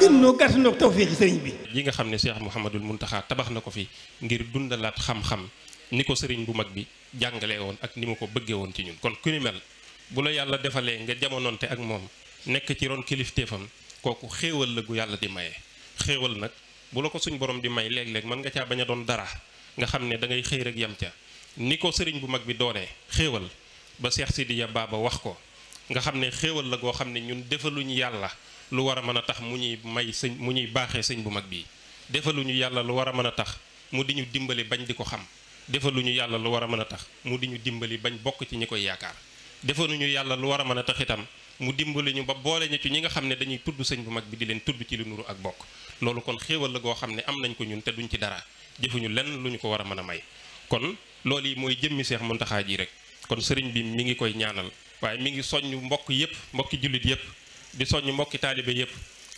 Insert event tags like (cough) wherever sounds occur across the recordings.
gën noo gàtt noo tawféexi sëriñ bi yi nga xam ne Cheikh Mouhamadul Mountakha tabax na ko fi ngir dundalaat xam-xam ni ko sëriñ bu mag bi jàngalee woon ak ni ma ko bëggee woon ci ñun kon ku ni mel bu la yàlla defalee nga jamononte ak moom nekk ci ron kilifteefam kooku xéewal la gu yàlla di maye xéewal nag bu la ko suñ borom di may léeg-léeg mën nga caa bañ a doon dara nga xam ne da ngay xëy rek yam ca ni ko sëriñ bu mag bi doonee xéewal ba Cheikh Sidiya Baba wax ko nga xam ne xéewal la goo xam ne ñun defaluñu yàlla lu war a mën a tax mu ñuy may sëñ mu ñuy baaxee sëñ bu mag bii defaluñu yàlla lu war a mën a tax mu di ñu dimbali bañ di ko xam defaluñu yàlla lu war a mën a tax mu di ñu dimbali bañ bokk ci ñi koy yaakaar defaluñu yàlla lu war a mën a tax itam mu dimbali ñu ba boole ñu ñi nga xam ne dañuy tudd sëñ bu mag bi di leen tudd ci lu nuru ak bokk loolu kon xéewal la goo xam ne am nañ ko ñun te duñ ci dara jëfuñu lenn lu ñu ko war a mën a may kon loolu yi mooy jëmmi Seex Muntaxaa ji rek kon sëriñ bi mi ngi koy ñaanal waaye mi ngi soññ mbokk yëpp mbokki jullit yëpp di soññ mbokki taalibe yépp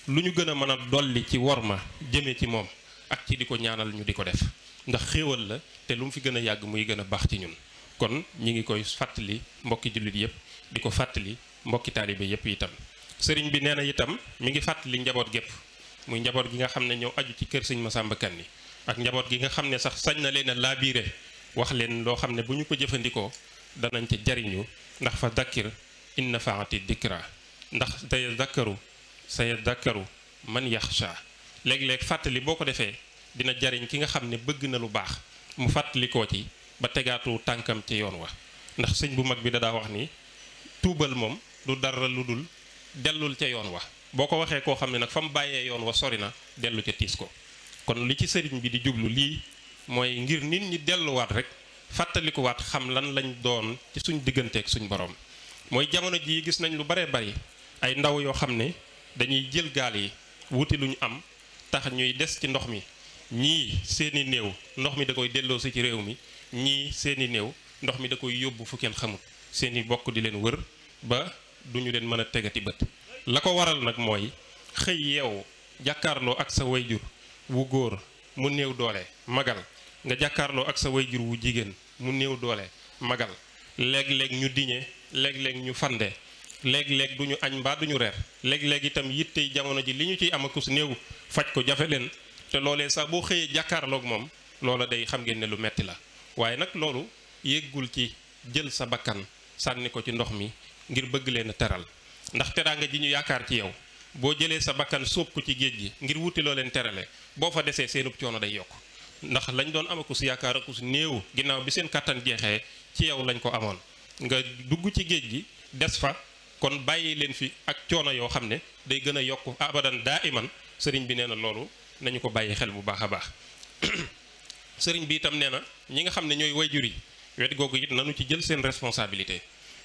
lu ñu gën a mën a dolli ci ma jëmee ci moom ak ci di ko ñaanal ñu di ko def ndax xéewal la te lu mu fi gën a yàgg muy gën a baax ci ñun kon ñi ngi koy fàttali mbokki jullit yépp di ko fàttali mbokki taalibe yépp itam sëriñ bi nee na itam mu ngi fàttali njaboot gépp muy njaboot gi nga xam ne ñëw aju ci kër sëñ Masamba Kanni ak njaboot gi nga xam ne sax sañ na leen a laabiire wax leen loo xam ne bu ñu ko jëfandikoo danañ ca jariñu ndax fa dakkir inna faati ndax tey dakkaru saya dakkaru man yaxsha léeg-léeg fàttali boo ko defee dina jariñ ki nga xam ne bëgg na lu baax mu fàttalikoo ci ba tegaatu tànkam ci yoon wa ndax sëñ bu mag bi dadaa wax ni tuubal moom du dara lu dul dellul ca yoon wa boo ko waxee koo xam ne nag fa mu bàyyee yoon wa sori na dellu ca tiis ko kon li ci sëriñ bi di jublu lii mooy ngir nit ñi delluwaat rek fàttalikuwaat xam lan lañ doon ci suñ digganteeg suñ borom mooy jamono jii gis nañ lu baree bari ay ndaw yoo xam ne dañuy jël gaal yi wuti lu ñu am tax ñuy des ci ndox mi ñii seeni néew ndox mi da koy delloo si ci réew mi ñii seeni néew ndox mi da koy yóbbu fu kenn xamul seeni bokk di leen wër ba du ñu leen mën a tegati bët la ko waral nag mooy xëy yeewu jàkkaarloo ak sa wayjur wu góor mu néew doole magal nga jàkkaarloo ak sa wayjur wu jigéen mu néew doole magal léeg-léeg ñu diñe léeg-léeg ñu fande léeg-léeg du ñu añ mbaa du ñu reer léeg-léeg itam tey jamono ji li ñu ciy am akus néew faj ko jafe leen te loolee sax boo xëyee jàkkaarloog moom loola day xam ngeen ne lu metti la waaye nag loolu yégul ci jël sa bakkan sànni ko ci ndox mi ngir bëgg leen teral ndax teraanga ji ñu yaakaar ci yow boo jëlee sa bakkan sóob ko ci géej gi ngir wuti loo leen terale boo fa desee seenub coono day yokk ndax lañ doon am akus yaakaar akus néew ginnaaw bi seen kàttan jeexee ci yow lañ ko amoon géej gi fa kon bàyyi leen fi ak coono yoo xam ne day gën a yokk abadan daa iman sëriñ bi nee na loolu nañu ko bàyyi xel bu baax a baax (coughs) sëriñ bi itam nee na ñi nga xam ne ñooy wayjur juri wet googu it nanu ci jël seen responsabilité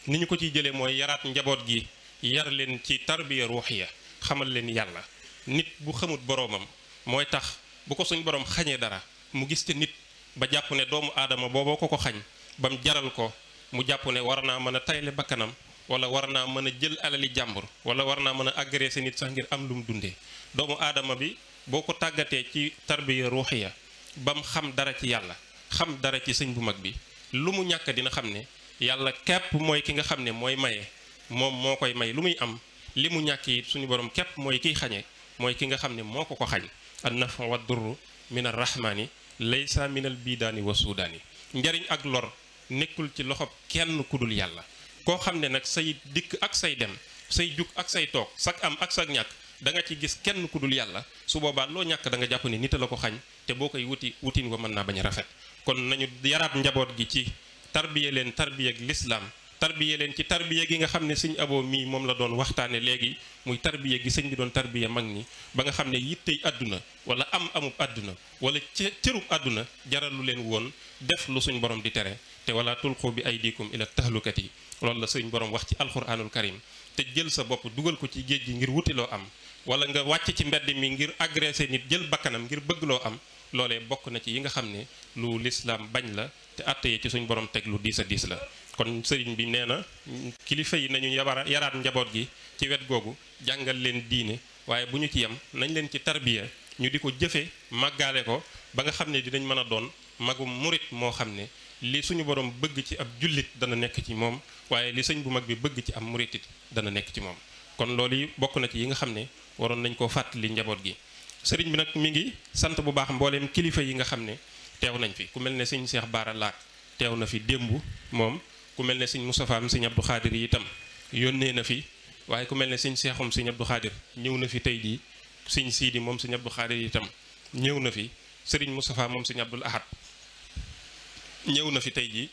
ni ñu ko ciy jëlee mooy yaraat njaboot gi yar leen ci tarbiya ya xamal leen yàlla nit bu xamut boroomam mooy tax bu ko suñ borom xañee dara mu gis te nit ba jàpp ne doomu aadama booboo ko ko xañ bam jaral ko mu jàpp ne war naa mën a tayle bakkanam wala war naa mën a jël alali jàmbur wala war naa mën a agressé nit sax ngir am lu mu dundee doomu aadama bi boo ko tàggatee ci tarbiya ruuxiya bam xam dara ci yàlla xam dara ci sëñ bu mag bi lu mu ñàkk dina xam ne yàlla képp mooy ki nga xam ne mooy maye moom moo koy may lu muy am li mu ñàkk it suñu borom képp mooy kiy xañe mooy ki nga xam ne moo ko ko xañ an nafa wa durru min ar rahmaani laysa min al biidaani wa suudaani njariñ ak lor nekkul ci loxob kenn ku dul yàlla koo xam ne nag say dikk ak say dem say jug ak say toog sak am ak sak ñàkk da nga ci gis kenn ku dul yàlla su boobaa loo ñàkk da nga jàpp ne nit a la ko xañ te boo koy wuti wutin ko mën naa bañ rafet kon nañu yaraat njaboot gi ci tarbiye leen tarbiye ak lislaam tarbiye leen ci tarbiye gi nga xam ne sëñ aboo mii moom la doon waxtaane léegi muy tarbiye gi sëñ bi doon tarbiye mag ni ba nga xam ne yittey àdduna wala am amub àdduna wala cërub àdduna jaralu leen woon def lu borom di tere te wala tulqu bi aydikum ila tahlukati loolu la suñ borom wax ci alxuraanul karim te jël sa bopp dugal ko ci géej gi ngir wuti loo am wala nga wàcc ci mbedd mi ngir agressé nit jël bakkanam ngir bëgg loo am loole bokk na ci yi nga xam ne lu lislaam bañ la te àtte yi ci suñ borom teg lu diis a diis la kon sëriñ bi nee na kilifa yi nañu yabara yaraat njaboot gi ci wet googu jàngal leen diine waaye bu ñu ci yem nañ leen ci tarbiya ñu di ko jëfe màggaale ko ba nga xam ne dinañ mën a doon magum murit moo xam ne li suñu borom bëgg ci ab jullit dana nekk ci moom waaye li sëñ bu mag bi bëgg ci am murit dana nekk ci moom kon loolu yi bokk na ci yi nga xam ne waroon nañ koo fàttali njaboot gi sëriñ bi nag mi ngi sant bu baax mbooleem kilifa yi nga xam ne teew nañ fi ku mel ne sëñ Seex Baara Laak teew na fi démb moom ku mel ne sëñ Moustapha am sëñ Abdou yi itam yónnee na fi waaye ku mel ne sëñ Seexum sëñ Abdou Khadir ñëw na fi tey jii sëñ Siidi moom sëñ Abdou Khadir ñëw na fi sëriñ Moustapha moom sëñ Abdul ñëw na fi tey jii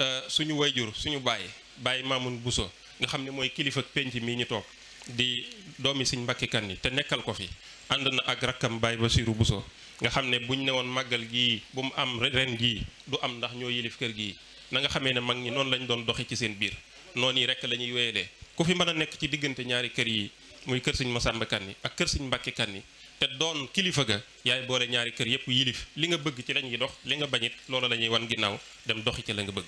euh, suñu way jur suñu bàyyi bàyyi Mamoun Bousso nga xam ne mooy kilifa penc mii ñu toog di doomi Sëñ Mbàkke Kan yi te nekkal ko fi ànd na ak rakkam Baye Bassirou Bousso nga xam ne buñ ne woon màggal gii bu mu am ren gii du am ndax ñoo yilif kër gii na nga xamee ne mag ñi noonu lañ doon doxi ci seen biir noonu yi rek la ñuy wéyalee ku fi mën a nekk ci diggante ñaari kër yi muy kër Sëñ Masamba Kan yi ak kër Sëñ Mbàkke Kan yi te doon kilifa ga yaay boole ñaari kër yëpp yilif li nga bëgg ci la ñuy dox li nga bañit loolu la ñuy wan ginnaaw dem doxi ci la nga bëgg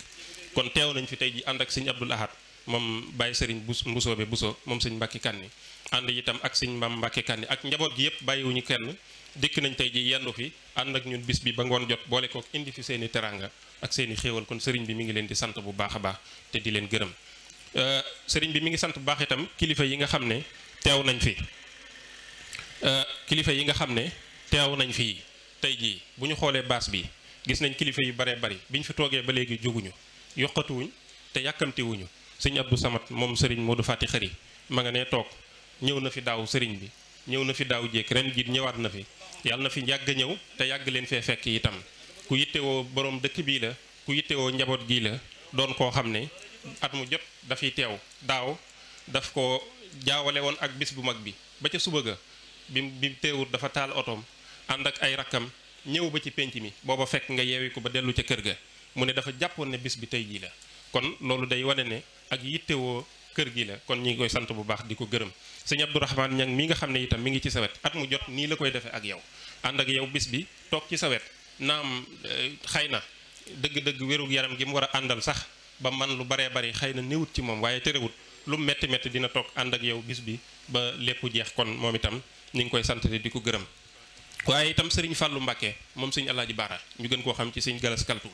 kon teew nañ fi tey ji ànd ak sëñ Abdul Ahad moom Baye Serigne Mbusoobe Buso moom sëñ Mbàkke Kanni ànd itam ak sëñ Maam Mbàkke Kanni ak njaboot gi yëpp bàyyiwuñu kenn dikk nañ tey ji yendu fi ànd ak ñun bis bi ba ngoon jot boole kook indi fi seeni teranga ak seeni xéewal kon sëriñ bi mi ngi leen di sant bu baax a baax te di leen gërëm euh, sëriñ bi mi ngi sant bu baax itam kilifa yi nga xam ne teew nañ fi Euh, kilifa yi nga xam ne teew nañ fii tey jii bu ñu xoolee baas bi gis nañ kilifa yu baree bari bi ñu fi toogee ba léegi jóguñu yokkatuwuñ te yàkkamtiwuñu sëñ Abdou Samad moom Serigne Modou Fati Xëri ma nga ne toog ñëw na fi daaw sëriñ bi ñëw na fi daaw jéeg ren jii ñëwaat na fi yàlla na fi yàgg ñëw te yàgg leen fee fekk itam ku yittewoo boroom dëkk bii la ku yittewoo njaboot gii la doon koo xam ne at mu jot dafiy teew daaw daf ko jaawale woon ak bis bu mag bi ba ca suba ga bi bi teewut dafa taal otoom ànd ak ay rakkam ñëw ba ci penc mi booba fekk nga yeewi ko ba dellu ca kër ga mu ne dafa jàppoon ne bis bi tey jii la kon loolu day wane ne ak yittewoo kër gii la kon ñu ngi koy sant bu baax di ko gërëm sëñ Abdourahmane Niang mi nga xam ne itam mu ngi ci sawet wet at mu jot nii la koy defee ak yow ànd ak yow bis bi toog ci sawet wet naam eh, xëy na dëgg-dëgg wérug yaram gi mu war a àndal sax ba man lu baree bari xëy na néewut ci waaye terewut lu metti metti dina toog ànd ak yow bis bi ba lépp jeex kon moom itam ñu ngi koy sant te di ko gërëm waaye itam sëriñ Fàllu Mbàkke moom sëñ Alaaji Baara ñu gën koo xam ci sëñ Galas Kaltum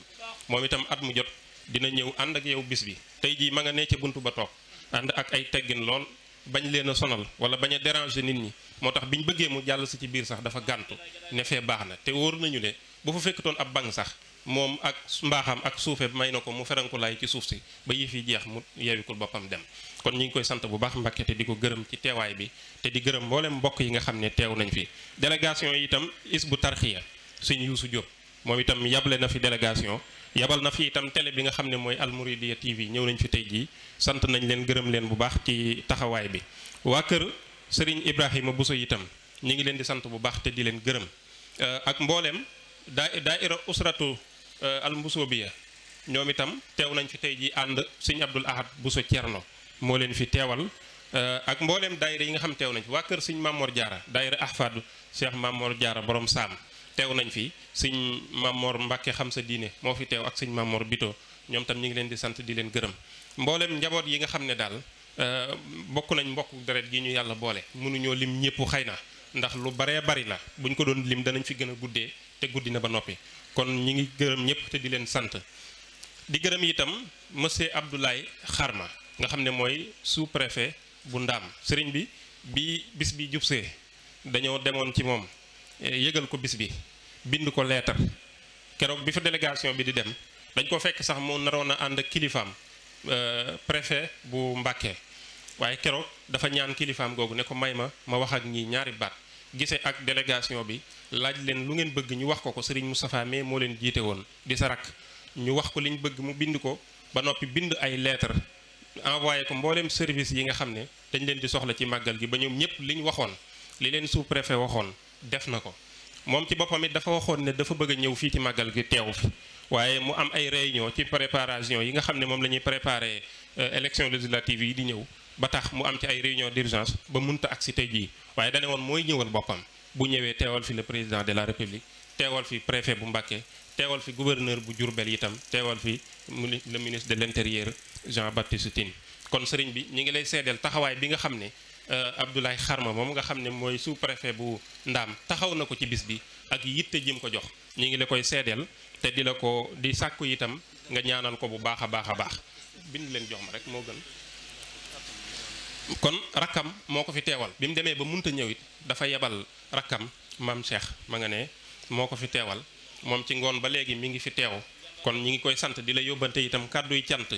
moom itam at mu jot dina ñëw ànd ak yow bis bi tey jii ma nga ne ca buntu ba toog ànd ak ay teggin lool bañ leen sonal wala bañ a nit ñi moo tax bi ñu bëggee mu jàll si ci biir sax dafa gàntu ne fee baax na te wóor nañu ne bu fa fekkatoon ab bang sax moom ak mbaaxam ak suufe may na ko mu feranku laay ci suuf si ba yii fi jeex mu yeewikul boppam dem kon ñu ngi koy sant bu baax Mbàkke di ko gërëm ci teewaay bi te di gërëm mbooleem mbokk yi nga xam ne teew nañ fi délégation yi itam bu Tarqiyyah suñu Yuusu Jóob moom itam yable na fi délégation yabal na fi itam télé bi nga xam ne mooy Almouridiyyah TV ñëw nañ fi tey jii sant nañ leen gërëm leen bu baax ci taxawaay bi waa kër Serigne Ibrahima buso itam ñu ngi leen di sant bu baax te di leen gërëm euh, ak mbooleem Euh, almbusoo bi ya ñoom itam teew nañ fi tey ji ànd sëñ Abdul Ahad Bousso Thierno moo leen fi teewal euh, ak mbooleem dayre yi nga xam teew nañ fi waa kër sëñ Mamor Diarra daayira ahfadu Cheikh Mamor Diarra borom saam teew nañ fi sëñ Mamor Mbacke xam sa diine moo fi teew ak sëñ Mamor Bito ñoom tam ñu ngi leen di sant di leen gërëm mbooleem njaboot yi nga xam ne daal euh, bokk nañ mbokk deret gi ñu yàlla boole mënuñoo lim ñëpp xëy na ndax lu baree bari la buñ ko doon lim danañ fi gën a guddee te guddi na ba noppi kon ñi ngi gërëm ñëpp te di leen sant di gërëm itam monsieur xar Xarma nga xam ne mooy sous préfet bu ndaam sëriñ bi bi bis bi jubsee dañoo demoon ci moom eh, yëgal ko bis bi bind ko leetar keroog bi fa délégation bi di dem dañ ko fekk sax moo naroon a ànd ak kilifaam euh, préfet bu Mbàkke waaye keroog dafa ñaan kilifaam googu ne ko may ma ma wax ak ñi ñaari baat gisee ak délégation bi laaj leen lu ngeen bëgg ñu wax ko ko sëriñ Moustapha mais moo leen jiite woon di sa rakk ñu wax ko liñ bëgg mu bind ko ba noppi bind ay lettre envoyé ko mbooleem service yi nga xam ne dañ leen di soxla ci màggal gi ba ñoom ñëpp li ñu waxoon li leen sous waxoon def na ko moom ci boppam it dafa waxoon ne dafa bëgg a ñëw fii ci màggal gi teew fi waaye mu am ay réunion ci préparation yi nga xam ne moom la ñuy préparé euh, élection législative yi di ñëw ba tax mu am ci ay réunion d'urgence ba munta agsi tey jii waaye dane woon mooy ñëwal boppam bu ñëwee teewal fi le président de la république teewal fi préfet bu Mbacké teewal fi gouverneur bu Diourbel itam teewal fi le ministre de l'intérieur Jean-Baptiste Tine kon sëriñ bi ñu ngi lay seedeel taxawaay bi nga xam ne euh, Abdoulaye Kharma moom nga xam ne mooy sous préfet bu Ndaam taxaw na ko ci bis bi ak yitte jim ko jox ñu ngi la koy seedeel te di la ko di sàkku itam nga ñaanal ko bu baax a baax a baax bind leen jox ma rek moo gën kon rakkam moo ko fi teewal bi mu demee ba munta ñëw it dafa yebal rakkam maam Cheikh ma nga ne moo ko fi teewal moom ci ngoon ba léegi mi ngi fi teew kon ñi ngi koy sant di la yóbbante itam kàdduy cant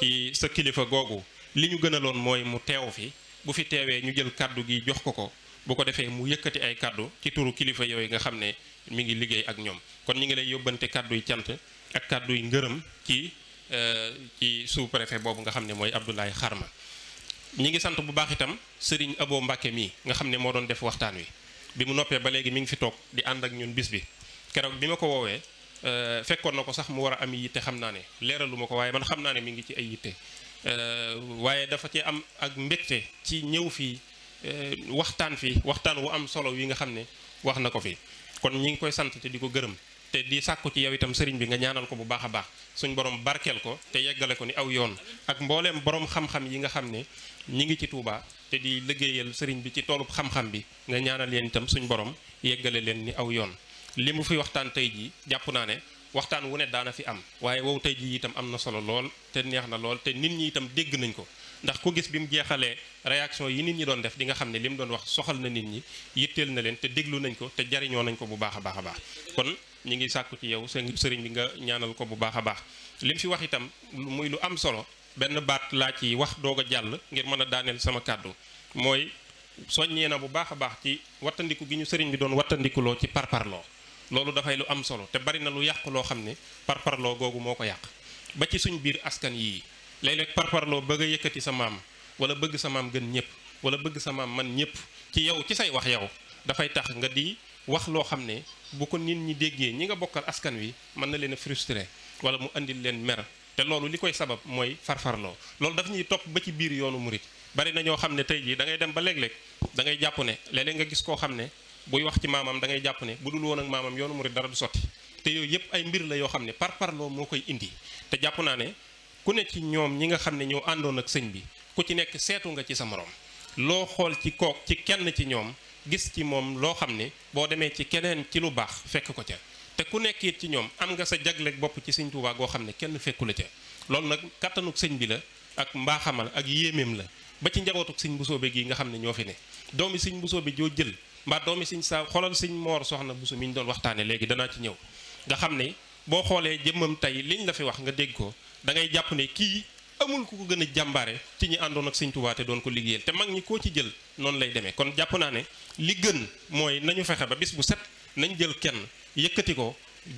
ci sa kilifa googu li ñu gënaloon mooy mu teew fi bu fi teewee ñu jël kàddu gi jox ko ko bu ko defee mu yëkkati ay kàddu ci turu kilifa yooyu nga xam ne mi ngi liggéey ak ñoom kon ñi ngi lay yóbbante kàdduy cant ak kàdduy ngërëm ci euh, ci sous-préfet boobu nga xam ne mooy xar ma ñi ngi sant bu baax itam sëriñ Abo Mbàkke mii nga xam ne moo doon def waxtaan wi bi mu noppee ba léegi mi ngi fi toog di ànd ak ñun bis bi keroog bi ma ko woowee euh, fekkoon na ko sax mu war a am yitte xam naa ne leeraluma ko waaye man xam naa ne mu ngi ci ay yitte euh, waaye dafa ci am ak mbégte ci ñëw fii euh, waxtaan fii waxtaan wu am solo wi nga xam ne wax na ko fi kon ñu ngi koy sant te di ko gërëm te di sàkku ci yow itam sëriñ bi nga ñaanal ko bu baax a baax suñ borom barkeel ko te yeggale ko ni aw yoon ak mbooleem borom xam-xam yi nga xam ne ñi ngi ci Touba te di liggéeyal sëriñ bi ci toolub xam-xam bi nga ñaanal leen itam suñ borom yeggale leen ni aw yoon li mu fi waxtaan tey jii jàpp naa ne waxtaan wu ne daana fi am waaye wow tey jii itam am na solo lool te neex na lool te nit ñi itam dégg nañ ko ndax ku gis bi mu jeexalee réaction yi nit ñi doon def di nga xam ne li doon wax soxal na nit ñi yitteel na leen te déglu nañ ko te jariñoo nañ ko bu baax a baax a baax ñi ngi sàkku ci yow seen sëriñ bi nga ñaanal ko bu baax a baax li mu fi wax itam muy lu am solo benn baat laa ci wax doog a jàll ngir mën a daaneel sama kàddu mooy soññee na bu baax a baax ci wattandiku gi ñu sëriñ bi doon wattandikuloo ci par parloo loolu dafay lu am solo te bari na lu yàq loo xam ne par parparloo googu moo ko yàq ba ci suñ biir askan yii léeg-léeg parparloo bëgg a yëkkati sa maam wala bëgg sa maam gën ñëpp wala bëgg sa maam man ñëpp ci yow ci say wax yow dafay tax nga di wax loo xam ne bu ko nit ñi déggee ñi nga bokkal askan wi mën na leen a frustré wala mu andil leen mer te loolu li koy sabab mooy farfarloo loolu daf ñuy topp ba ci biir yoonu murit bari na ñoo xam ne tey jii da ngay dem ba léeg-léeg da jàpp ne léeg nga gis koo xam ne buy wax ci maamam da ngay jàpp ne bu dul woon ak maamam yoonu murit dara du sotti te yooyu yëpp ay mbir la yoo xam ne par parparloo moo koy indi te jàpp naa ne ku ne ci ñoom ñi nga xam ne ñëw àndoon ak sëñ bi ku ci nekk seetu nga ci sa morom loo xool ci kook ci kenn ci ñoom gis ci moom loo xam ne boo demee ci keneen ci lu baax fekk ko ca te ku nekk it ci ñoom am nga sa jagleeg bopp ci sëñ Tuubaa goo xam ne kenn fekku la ca loolu nag kattanuk sëñ bi la ak mbaaxamal ak yéemeem la ba ci njabootuk sëñ bu soobe gii nga xam ne ñoo fi ne doomi sëñ bu bi joo jël mbaa doomi sëñ saa xoolal sëñ moor soxna busu mi ñu doon waxtaane léegi danaa ci ñëw nga xam ne boo xoolee jëmmam tey liñ la fi wax nga dégg ko dangay ngay ne kii amul ku ko gën a jàmbaare ci ñi àndoon ak sëñ doon ko liggéeyal te mag ñi koo ci jël noonu lay demee kon jàpp naa ne li gën mooy nañu fexe ba bis bu set nañ jël kenn yëkkati ko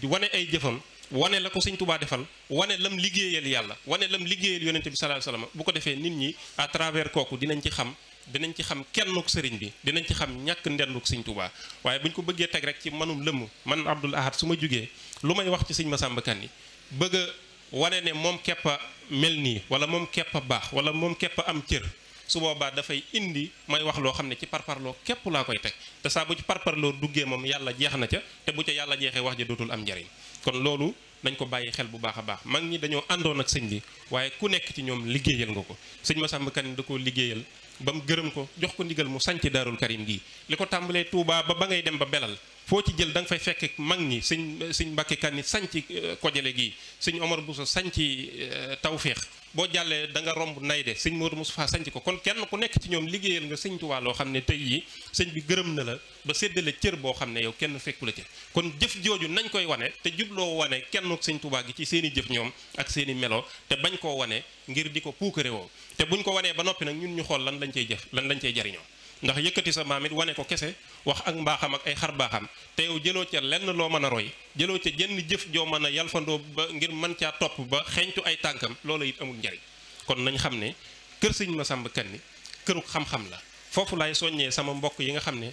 wane ay jëfam wane la ko sëñ Tuubaa defal wane lam liggéeyal yàlla wane lam liggéeyal yonente bi sallallahu alayhi wasallam bu ko defee nit ñi à travers kooku dinañ ci xam dinañ ci xam kennuk sëriñ bi dinañ ci xam ñàkk ndenduk sëñ Tuubaa waaye bu ñu ko bëggee teg rek ci manum lëmm man Abdoul Ahad su ma jógee lu may wax ci sëñ Masamba Kanni bëgg a wane ne moom kepp a mel nii wala moom kepp a baax wala moom kepp am cër su boobaa dafay indi may wax loo xam ne ci par parloo képp laa koy teg te saa bu ci parparloo duggee moom yàlla jeex na ca te bu ca yàlla jeexee wax ja dootul am njariñ kon loolu nañ ko bàyyi xel bu baax a baax mag ñi dañoo àndoon ak sëñ bi waaye ku nekk ci ñoom liggéeyal nga ko sëñ ma Massamba Kane da koo liggéeyal ba mu gërëm ko jox ko ndigal mu sanc daarul karim gii li ko tàmbalee tuubaa ba ba ngay dem ba belal foo ci jël da nga fay fekk mag ñi sëñ sëñ Mbàkke Kanni sañci euh, kojale gii sëñ Omar Bousso sañci euh, tawféex boo jàllee da nga romb nay de sëñ Modou Moustapha sañc ko kon kenn ku nekk ci ñoom liggéeyal nga loo xam ne tey yi sëñ bi gërëm na la ba séddale cër boo xam ne yow kenn fekku la ci kon jëf jooju nañ koy wane te jubloo wane kenn sëñ Tuubaa gi ci seen i jëf ñoom ak seeni melo te bañ koo wane ngir di ko puukare woo te buñ ko wanee ba noppi nag ñun ñu xool lan lañ cey jëf lan lañ cey jariñoo ndax yëkkati sa maam it wane ko kese wax ak mbaaxam ak ay xar baaxam te yow jëloo ca lenn loo mën a roy jëloo ca jenn jëf joo mën a yalfandoo ba ngir mën caa topp ba xeeñtu ay tànkam loola it amul njariñ kon nañ xam ne kër sëñ ma Kanni këruk xam-xam la foofu laay soññee sama mbokk yi nga xam ne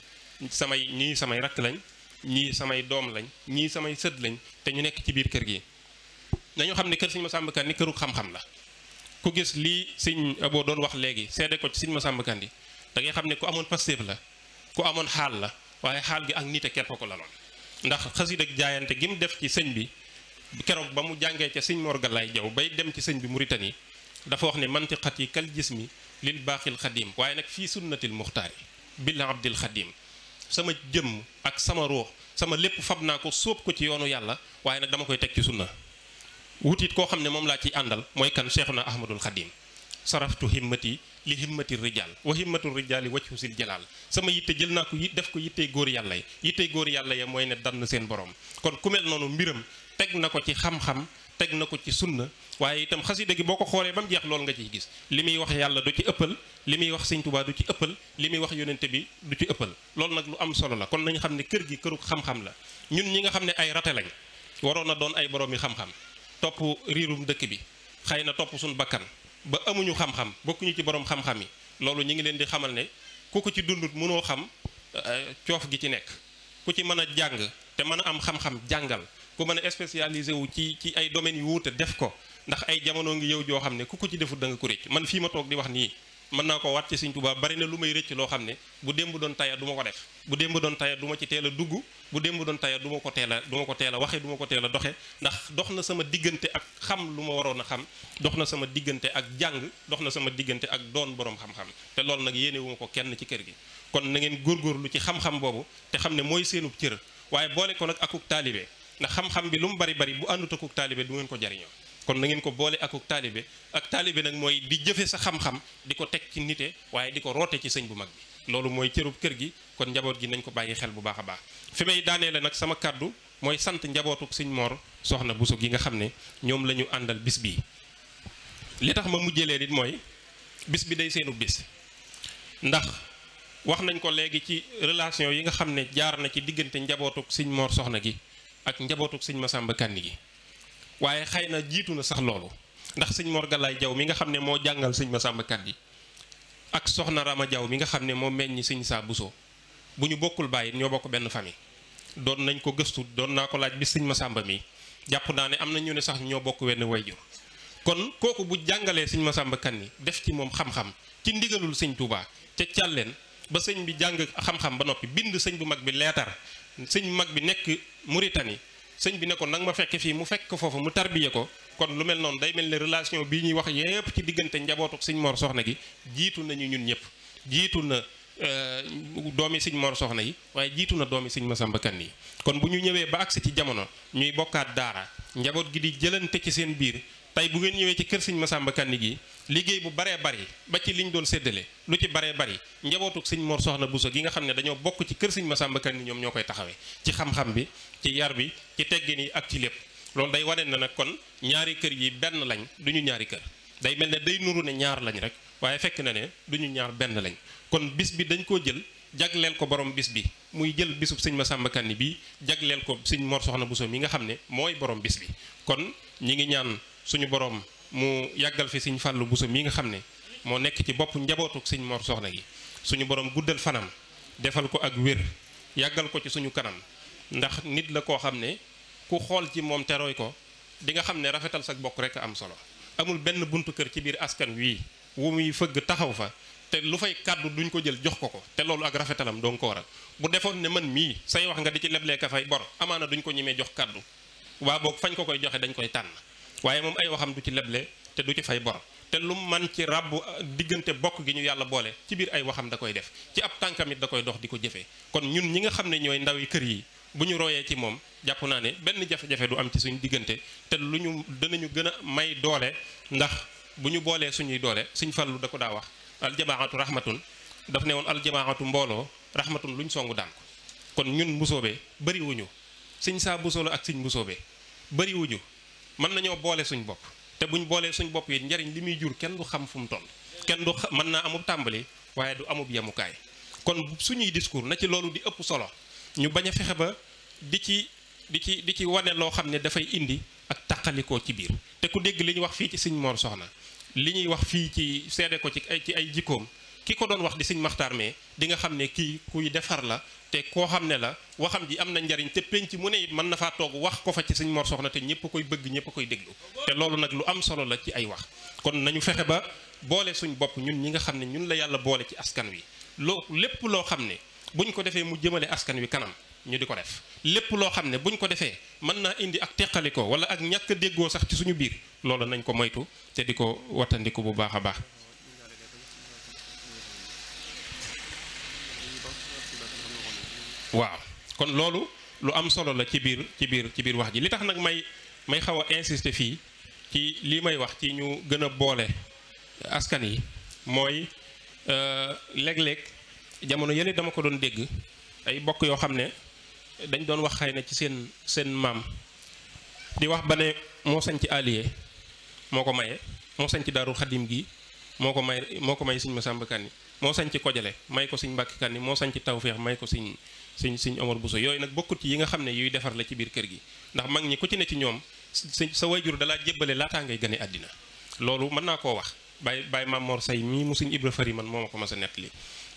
samay ñii samay rakk lañ ñii samay doom lañ ñii samay sët lañ te ñu nekk ci biir kër gi nañu xam ne kër sëñ Masamba Kanni këruk xam-xam la ku gis lii sëñ boo doon wax léegi seede ko ci sëñ Masamba Kanni da ngay xam ne ku amoon pastéef la ku amoon xaal la waaye xaal gi ak nite képp ko laloon ndax xasida ak jaayante gi mu def ci sëñ bi keroog ba mu jàngee ca sëñ Mor Galaay Jaw bay dem ci sëñ bi Muritani dafa wax ne mantiqat yi kal mi lil baaxil xadim waaye nag fii sunnatil muxtaari bil abdil xadim sama jëmm ak sama ruux sama lépp fab naa ko sóob ko ci yoonu yàlla waaye nag dama koy teg ci sunna wutit koo xam ne moom laa ciy àndal mooy kan cheikhuna ahmadul xadim saraftu himmati li himmati rijal wa himmatu rijali wajhu sil jalaal sama yitte jël naa ko yi def ko yittey góor yàlla yi yittey góor yàlla ya mooy ne dann seen borom kon ku mel noonu mbiram teg na ko ci xam-xam teg na ko ci sunna waaye itam xasida gi boo ko xoolee ba mu jeex loolu nga ciy gis li muy wax yàlla du ci ëppal li muy wax sëñ Tuubaa du ci ëppal li muy wax yonente bi du ci ëppal loolu nag lu am solo la kon nañu xam ne kër gi kërug xam-xam la ñun ñi nga xam ne ay rate lañ waroon na doon ay boroomi xam-xam topp riirum dëkk bi xëy na topp suñu bakkan ba amuñu xam-xam bokkuñu ci borom xam-xam yi loolu ñu ngi leen di xamal ne ku ko ci dundut mënoo xam euh, coof gi ci nekk ku ci mën a jàng te mën a am xam-xam jàngal ku mën a spécialisé wu ci ci ay domaines yu wuute def ko ndax ay jamono ngi yow joo xam ne ku ko ci defut da nga ko man fii ma toog di wax nii mën naa ko wat ci Sëñ Tuubaa bari na lu may rëcc loo xam ne bu démb doon taya duma ko def bu démb doon taya duma ci teel a dugg bu démb doon taya duma ko teela a ko teel a waxe du ma ko a doxe ndax dox na sama diggante ak xam lu ma waroon a xam dox na sama diggante ak jàng dox na sama diggante ak doon borom xam-xam te loolu nag yéene ko kenn ci kër gi kon na ngeen góorgóorlu ci xam-xam boobu te xam ne mooy seenub cër waaye boole ko nag akuk taalibe ndax xam bi lu mu bari bari bu àndut akuk taalibe du ngeen ko jariñoo kon na ngeen ko boole ak taalibe ak taalibe nag mooy di jëfe sa xam-xam di ko teg ci nite waaye di ko roote ci sëñ bu mag bi loolu mooy cërub kër gi kon njaboot gi nañ ko bàyyi xel bu baax a baax fi may daanee la nag sama kàddu mooy sant njabootuk sëñ Mor soxna Bousso gi nga xam ne ñoom la àndal bis bii li tax ma mujjee leen it mooy bis bi day seenu bis ndax wax nañ ko léegi ci relation yi nga xam ne jaar na ci diggante njabootuk sëñ moor soxna gi ak njabootuk sëñ Masamba Kanni gi waaye xëy na jiitu na sax loolu ndax sëñ Mor Galaay Jaw mi nga xam ne moo jàngal sëñ Masamba Kanni ak soxna raama Jaw mi nga xam ne moo meññ sëñ Saa Buso bu ñu bokkul bàyyi ñoo bokk benn famille doon nañ ko gëstu doon naa ko laaj bi sëñ ma Masamba mi jàpp naa ne am na ñu ne sax ñoo bokk wenn wayjur kon kooku bu jàngalee sëñ ma Masamba yi def ci moom xam-xam ci ndigalul sëñ Tuubaa ca càlleen ba sëñ bi jàng xam-xam ba noppi bind sëñ bu mag bi leetar sëñ bu mag bi nekk Muritani sëñ bi ne ko nag ma fekk fii mu fekk ko foofu mu tarbiye ko kon lu mel noonu day mel ni relation bi ñuy wax yépp ci diggante njabootu sëñ Mor Soxna gi jiitu nañu ñun ñëpp jiitu na euh, doomi sëñ Mor Soxna yi waaye jiitu na doomi sëñ Masamba Kan yi kon bu ñu ñëwee ba agsi ci jamono ñuy bokkaat daara njaboot gi di jëlante ci seen biir tey bu ngeen ñëwee ci kër sëñ Masamba Kanni gi liggéey bu baree bari ba ci li ñu doon séddale lu ci baree bari njabootuk sëñ Mor Soxna Bousso gi nga xam ne dañoo bokk ci kër sëñ Masamba ñoom ñoo koy taxawee ci xam-xam bi ci yar bi ci teggin yi ak ci lépp loolu day wane na nag kon ñaari kër yi benn lañ du ñu ñaari kër day mel ne day nuru ne ñaar lañ rek waaye fekk na ne du ñu ñaar benn lañ kon bis bi dañ koo jël jagleel ko borom bis bi muy jël bisub sëñ Masamba Kanni bii jagleel ko sëñ Mor Soxna Bousso mi nga xam ne mooy borom bis bi kon ñi ngi suñu borom mu yàggal fi sëñ Fallou Bousso mii nga xam ne moo nekk ci bopp njabootu sëñ Mor Soxna gi suñu borom guddal fanam defal ko ak wér yàggal ko ci suñu kanam ndax nit la koo xam ne ku xool ci moom te roy ko di nga xam ne rafetal sa bokk rek am solo amul benn buntu kër ci biir askan wii wu muy fëgg taxaw fa te lu fay kàddu duñ ko jël jox ko ko te loolu ak rafetalam doon ko waral bu defoon ne mën mii say wax nga di ci leblee ka fay bor amaana duñ ko ñemee jox kàddu waa fañ ko koy joxe dañ koy tànn waaye moom ay waxam du ci leble te du ci fay bor te lu man ci ràbbu euh, diggante bokk gi ñu yàlla boole ci biir ay waxam da koy def ci ab tànkamit da koy dox di ko jëfee kon ñun ñi nga xam ne ñooy ndawi kër yi bu ñu royee ci moom jàpp naa ne benn jafe-jafe du am ci suñ diggante te lu ñu danañu gën a may doole ndax bu ñu boolee suñuy doole suñ fallu da ko daa wax aljamaatu rahmatun daf ne woon aljamaatu mbooloo rahmatun luñ songu daan ko kon ñun mbusoobe bëriwuñu suñ saa busoo la ak suñ mbusoobe bëriwuñu mën nañoo boole suñ bopp te buñ boolee suñ bopp yi njariñ li muy jur kenn du xam fu mu toll kenn du mën naa amul tàmbali waaye du amub yemukaay kon suñuy discours na ci loolu di ëpp solo ñu bañ a fexe ba di ci di ci di ci wane loo xam ne dafay indi ak taqalikoo ci biir te ku dégg li ñu wax fii ci Sëñ Mor Soxna li ñuy wax fii ci seede ko ci ay ci ay jikkoom ki ko doon wax di sëñ maxtaar mais di nga xam ne kii kuy defar la te koo xam ne la waxam ji am na njariñ te penc mu ne it mën na faa toog wax ko fa ci sëñ Mor Soxna te ñëpp koy bëgg ñëpp koy déglu te loolu nag lu am solo la ci ay wax kon nañu fexe ba boole suñ bopp ñun ñi nga xam ne ñun la yàlla boole ci askan wi loo lépp loo xam ne buñ ko defee mu jëmale askan wi kanam ñu di ko def lépp loo xam ne buñ ko defee mën naa indi ak teqalikoo wala ak ñàkk déggoo sax suñu biir loolu nañ ko moytu te di ko wattandiku bu baax a baax waaw kon loolu lu am solo la ci biir ci biir ci biir wax ji li tax nag may may xaw a insister fii ci lii may wax ci ñu gën a boole askan yi mooy euh, léeg-léeg jamono yële dama ko doon dégg ay bokk yoo xam ne dañ doon wax xëy na ci seen seen maam di wax ba ne moo sañ ci allié moo ko maye moo sañ ci daarul xadim gi moo ko may moo ko may sëñ Masamba Kanni moo sañ ci kojale may ko sëñ Mbàkke Kanni moo sañ ci tawféex may ko sëñ sëñ sëñ Omar Bousso yooyu nag bokkut yi nga xam ne yuy defar la ci biir kër gi ndax mag ñi ku ci ne ci ñoom sa wayjur dalaa jébbale laataa ngay gane àddina loolu mën naa koo wax Baye Baye Mamor Say mii mu sëñ Ibra Fari man moo ma ko mas a nettali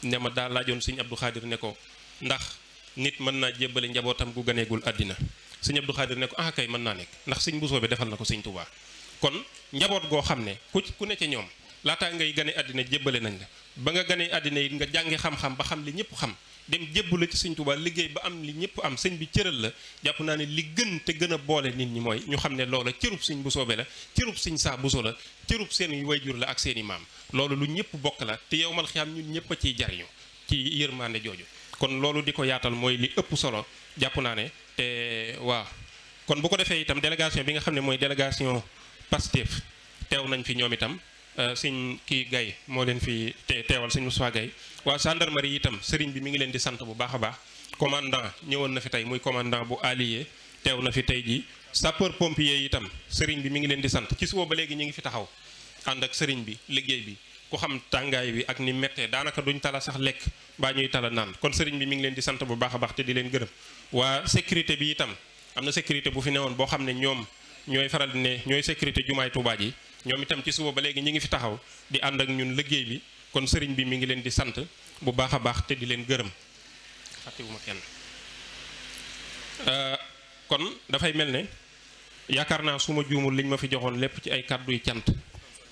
ne ma daa laajoon sëñ Abdou Khadir ne ko ndax nit mën naa jébbale njabootam gu ganeegul àddina sëñ Abdou Khadir ne ko ah kay mën naa nekk ndax sëñ Bousso bi defal na ko sëñ Touba kon njaboot goo xam ne ku ku ne ca ñoom laataa ngay gane àddina jébbale nañ la ba nga gane àddina yi nga jàngi xam-xam ba xam li ñëpp xam dem jébbu la ci sëñ Tuubaa liggéey ba am li ñëpp am sëñ bi cëral la jàpp naa ne li gën te gën a boole nit ñi mooy ñu xam ne loola cërub sëñ bu soobee la cërub sëñ saa bu so la cërub seen wayjur la ak seen i maam loolu lu ñëpp bokk la te yow mal xiyaam ñun ñëpp a ciy jariñoo ci yërmande jooju kon loolu di ko yaatal mooy li ëpp solo jàpp naa ne te waa kon bu ko defee itam délégation bi nga xam ne mooy délégation Pastef teew nañ fi ñoom itam Euh, sëñ kii Gaye moo leen fi teewal sëñ Moussa Gaye waa gendarmerie itam sëriñ bi mu ngi leen di sant bu baax a baax commandant ñëwoon na fi tey muy commandant bu allié teew na fi tey jii sapeur pompier itam sëriñ bi mu ngi leen di sant ci suba ba léegi ñu ngi fi taxaw ànd ak sëriñ bi liggéey bi ku xam tàngaay bi ak ni méttee daanaka duñ tala sax lekk baa ñuy tala naan kon sëriñ bi mi ngi leen di sant bu baax a baax te di leen gërëm waa sécurité bi itam am na sécurité bu fi newoon boo xam ne ñoom ñooy faral di ne ñooy sécurité jumaay Tuubaa ji ñoom itam ci suba ba léegi ñi ngi fi taxaw di ànd ak ñun liggéey bi kon sëriñ bi mi ngi leen di sant bu baax a baax te di leen gërëm fàttewuma kenn euh, kon dafay mel ne yaakaar naa su ma juumul liñ ma fi joxoon lépp ci ay kàddu yu cant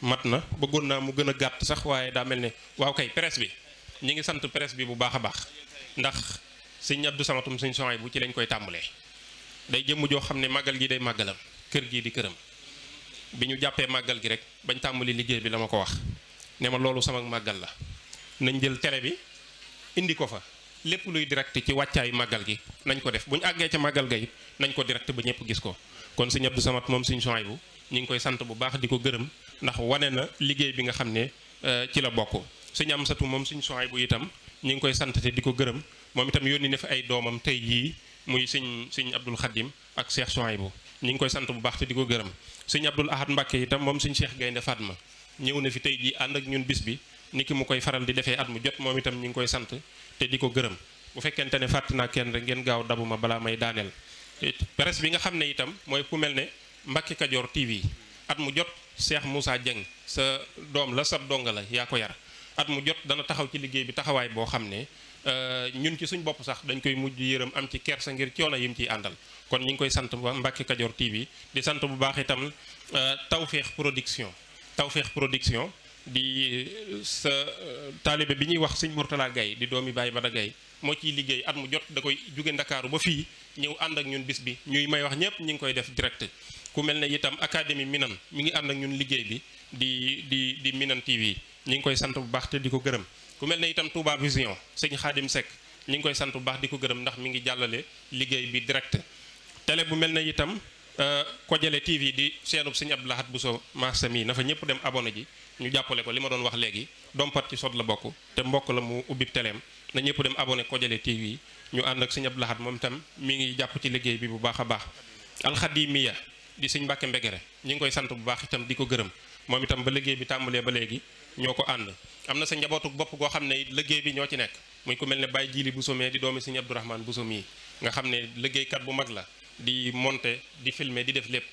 mat na bëggoon naa mu gën a gàtt sax waaye daa mel ne waaw kay presse bi ñi ngi sant presse bi bu baax a baax ndax sëñ Abdou Samatum sëñ Sohay bu ci lañ koy tàmbalee day jëmm joo xam ne màggal gi day màggalam kër gii di këram bi ñu jàppee màggal gi rek bañ tàmbali liggéey bi la ma ko wax ne ma loolu sama màggal la nañ jël télé bi indi ko fa lépp luy direct ci wàccaayu màggal gi nañ ko def bu ñu àggee ca màggal ga it nañ ko direct ba ñëpp gis ko kon sëñ Abdou Samad moom sëñ Souhaïbou ñu ngi koy sant bu baax di ko gërëm ndax wane na liggéey bi nga xam ne euh, ci la bokk sëñ Amsatu moom sëñ Souhaïbou itam ñu ngi koy sant te di ko gërëm moom itam yónni ne fi ay doomam tey yii muy sëñ sëñ Abdoul Khadim ak Cheikh Souhaïbou ñu ngi koy sant bu baax te di ko gërëm sëñ Abdul Ahad Mbàkke yitam moom sëñ Cheikh Gaynde ma ñëw na fi tey jii ànd ak ñun bis bi ni ki mu koy faral di defee at mu jot moom itam ñu ngi koy sant te di ko gërëm bu fekkente ne fàtt naa kenn rek ngeen gaaw dabu ma bala may daaneel presse bi nga xam ne itam mooy ku mel ne Mbacke Kadior TV at mu jot Cheikh Moussa Dieng sa doom la sa donga la yaa ko yar at mu jot dana taxaw ci liggéey bi taxawaay boo xam ne Euh, ñun ci suñ bopp sax dañ koy mujj yërëm am ci kersa ngir coono yim ciy àndal kon ñu ngi koy sant bu baax Mbacke Kadior TV di sant bu baax itam euh, Tawfekh Production Tawfekh Production di euh, sa taalibe bi ñuy wax suñ Mourtala Gaye di doomi Baye Bada Gaye moo ciy liggéey at mu jot da koy jóge ndakaaru ba fii ñëw ànd ak ñun bis bi ñuy may wax ñëpp ñu ngi koy def direct ku mel ne itam académie Minan mi ngi ànd ak ñun liggéey bi di di di Minan TV ñu ngi koy sant bu baax te di ko gërëm ku mel ne itam Touba Vision sëñ Xaadim Seck ñu ngi koy sant bu baax di ko gërëm ndax mu ngi jàllale liggéey bi direct télé bu mel na itam euh, Kojale TV di seenub sëñ bu Lahad Bousso Massami na fa ñëpp dem abonné ji ñu jàppale ko li ma doon wax léegi dompat ci sot la bokk te mbokk la mu ubbi teleem na ñëpp dem abonné Kojale TV ñu ànd ak sëñ Abdou Lahad moom itam mi ngi jàpp ci liggéey bi bu baax a baax alxadimiya di sëñ Mbàkke Mbegere ñu ngi koy sant bu baax itam di ko gërëm moom itam ba liggéey bi tàmbalee ba léegi ñoo ko ànd am na sa njabootu bopp goo xam ne liggéey bi ñoo ci nekk muy ko mel ne Baye Jili Bousso mee di doomi Sëñ Abdourahmane Bousso mii nga xam ne liggéeykat bu mag la di monter di filmer di def lépp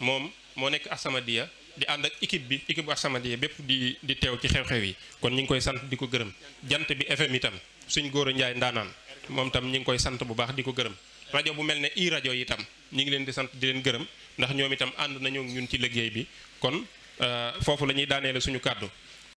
moom moo nekk Asamadia di ànd ak équipe bi équipe bu Asamadia bépp di di teew ci xew-xew yi kon ñu ngi koy sant di ko gërëm jant bi FM itam suñ góor a Njaay ndaanaan moom tam ñu ngi koy sant bu baax di ko gërëm rajo bu mel ne ii rajo yi tam ñu ngi leen di sant di leen gërëm ndax ñoom itam ànd nañu ñun ci liggéey bi kon euh, foofu la ñuy daaneele suñu kàddu